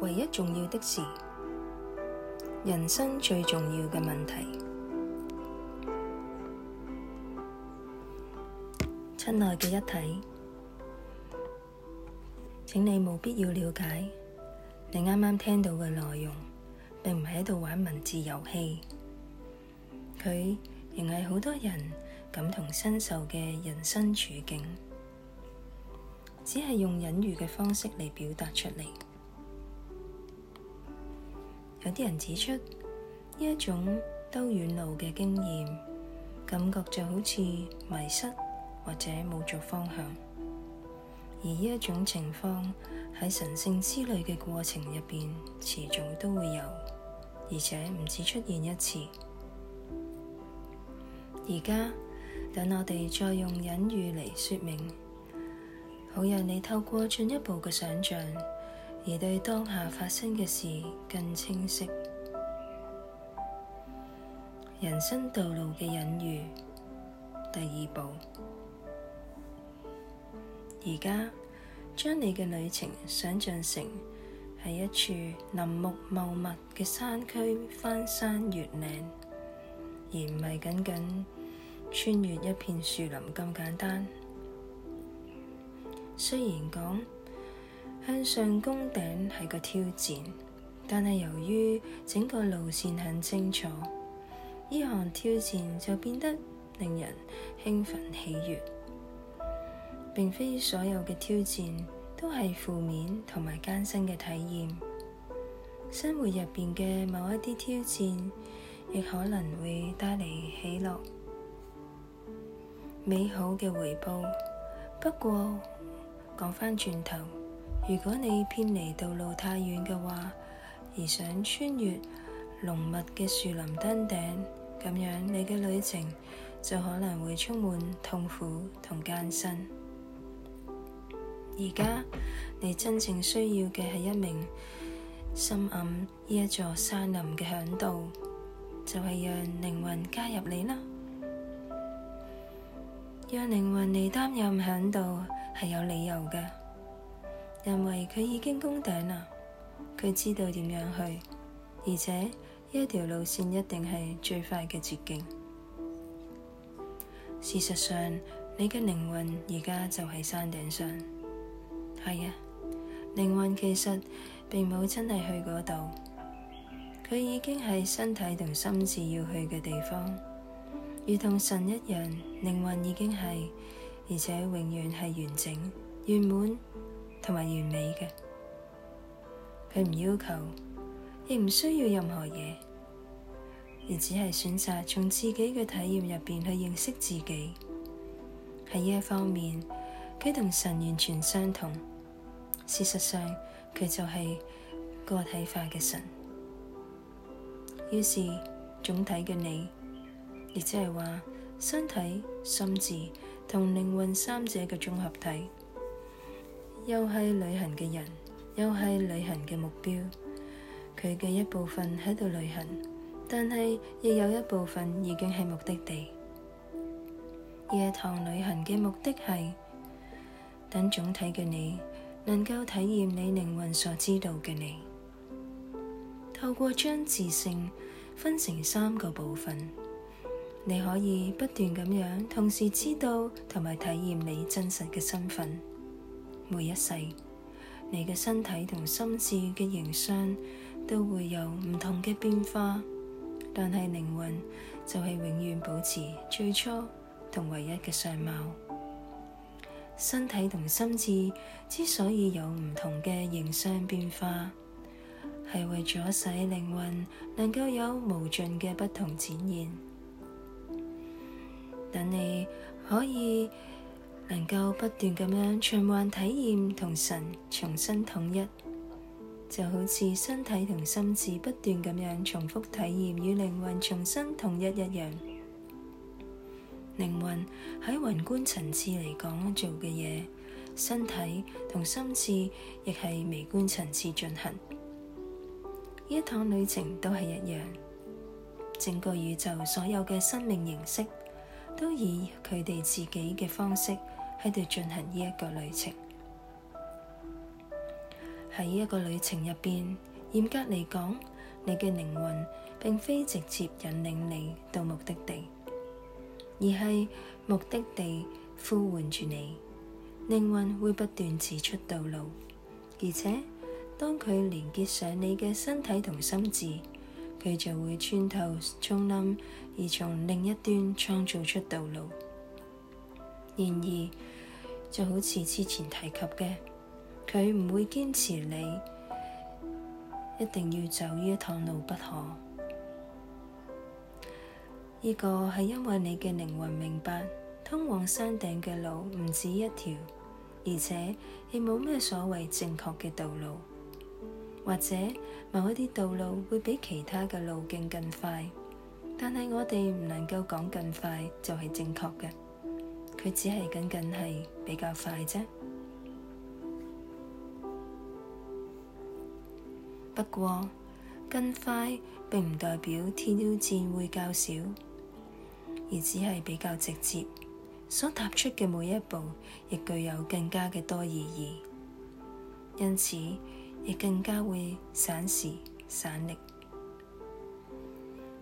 唯一重要的事，人生最重要嘅問題，親愛嘅一體，請你務必要了解你啱啱聽到嘅內容，並唔係喺度玩文字遊戲。佢仍係好多人感同身受嘅人生處境，只係用隱喻嘅方式嚟表達出嚟。有啲人指出，呢一種兜遠路嘅經驗，感覺就好似迷失或者冇咗方向，而呢一種情況喺神聖之旅嘅過程入邊，始終都會有，而且唔止出現一次。而家等我哋再用隱喻嚟說明，好讓你透過進一步嘅想象。而對當下發生嘅事更清晰，人生道路嘅隱喻，第二步。而家將你嘅旅程想象成係一處林木茂密嘅山區翻山越嶺，而唔係僅僅穿越一片樹林咁簡單。雖然講。向上攻頂係個挑戰，但係由於整個路線很清楚，呢項挑戰就變得令人興奮喜悅。並非所有嘅挑戰都係負面同埋艱辛嘅體驗，生活入邊嘅某一啲挑戰亦可能會帶嚟喜樂美好嘅回報。不過講返轉頭。如果你偏離道路太遠嘅話，而想穿越濃密嘅樹林登頂，咁樣你嘅旅程就可能會充滿痛苦同艱辛。而家你真正需要嘅係一名深暗呢一座山林嘅嚮導，就係、是、讓靈魂加入你啦。讓靈魂嚟擔任嚮導係有理由嘅。因為佢已經攻頂啦，佢知道點樣去，而且呢條路線一定係最快嘅捷徑。事實上，你嘅靈魂而家就喺山頂上，係啊。靈魂其實並冇真係去嗰度，佢已經係身體同心智要去嘅地方，如同神一樣，靈魂已經係，而且永遠係完整圓滿。圓滿同埋完美嘅，佢唔要求，亦唔需要任何嘢，而只係選擇從自己嘅體驗入邊去認識自己。喺呢一方面，佢同神完全相同。事實上，佢就係個體化嘅神，於是總體嘅你，亦即係話身體、心智同靈魂三者嘅綜合體。又係旅行嘅人，又係旅行嘅目標。佢嘅一部分喺度旅行，但係亦有一部分已經係目的地。夜堂旅行嘅目的係等總體嘅你能夠體驗你靈魂所知道嘅你。透過將自性分成三個部分，你可以不斷咁樣同時知道同埋體驗你真實嘅身份。每一世，你嘅身體同心智嘅形象都會有唔同嘅變化，但係靈魂就係永遠保持最初同唯一嘅相貌。身體同心智之所以有唔同嘅形象變化，係為咗使靈魂能夠有無盡嘅不同展現。等你可以。能夠不斷咁樣循環體驗同神重新統一，就好似身體同心智不斷咁樣重複體驗與靈魂重新統一一樣。靈魂喺宏觀層次嚟講做嘅嘢，身體同心智亦係微觀層次進行，呢一趟旅程都係一樣。整個宇宙所有嘅生命形式，都以佢哋自己嘅方式喺度進行呢一個旅程。喺呢一個旅程入邊，嚴格嚟講，你嘅靈魂並非直接引領你到目的地，而係目的地呼喚住你。靈魂會不斷指出道路，而且當佢連結上你嘅身體同心智，佢就會穿透叢林，而從另一端創造出道路。然而，就好似之前提及嘅，佢唔會堅持你一定要走呢一趟路不可。呢個係因為你嘅靈魂明白，通往山頂嘅路唔止一條，而且亦冇咩所謂正確嘅道路，或者某一啲道路會比其他嘅路徑更快，但係我哋唔能夠講更快就係正確嘅。佢只係僅僅係比較快啫。不過，更快並唔代表天妖戰會較少，而只係比較直接，所踏出嘅每一步亦具有更加嘅多意義，因此亦更加會省時省力。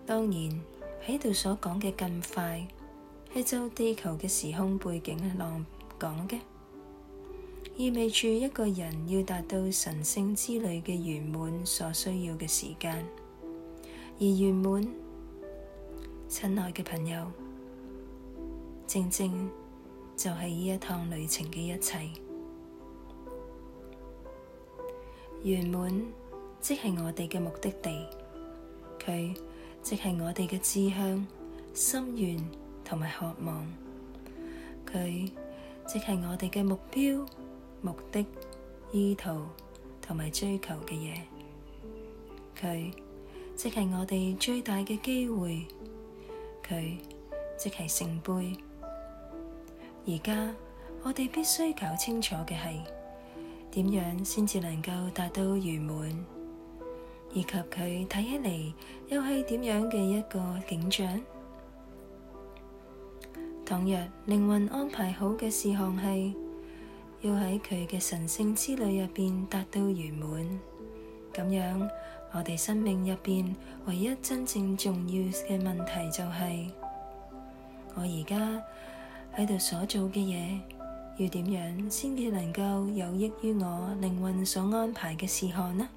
當然，喺度所講嘅更快，係就地球嘅時空背景嚟講嘅，意味住一個人要達到神聖之旅嘅圓滿所需要嘅時間。而圓滿，親愛嘅朋友，正正就係呢一趟旅程嘅一切。圓滿即係我哋嘅目的地，佢即係我哋嘅志向、心願。同埋渴望，佢即係我哋嘅目標、目的、意圖同埋追求嘅嘢，佢即係我哋最大嘅機會，佢即係聖杯。而家我哋必須搞清楚嘅係，點樣先至能夠達到圓滿，以及佢睇起嚟又係點樣嘅一個景象。倘若靈魂安排好嘅事項係要喺佢嘅神聖之旅入邊達到圓滿，咁樣我哋生命入邊唯一真正重要嘅問題就係、是、我而家喺度所做嘅嘢要點樣先至能夠有益於我靈魂所安排嘅事項呢？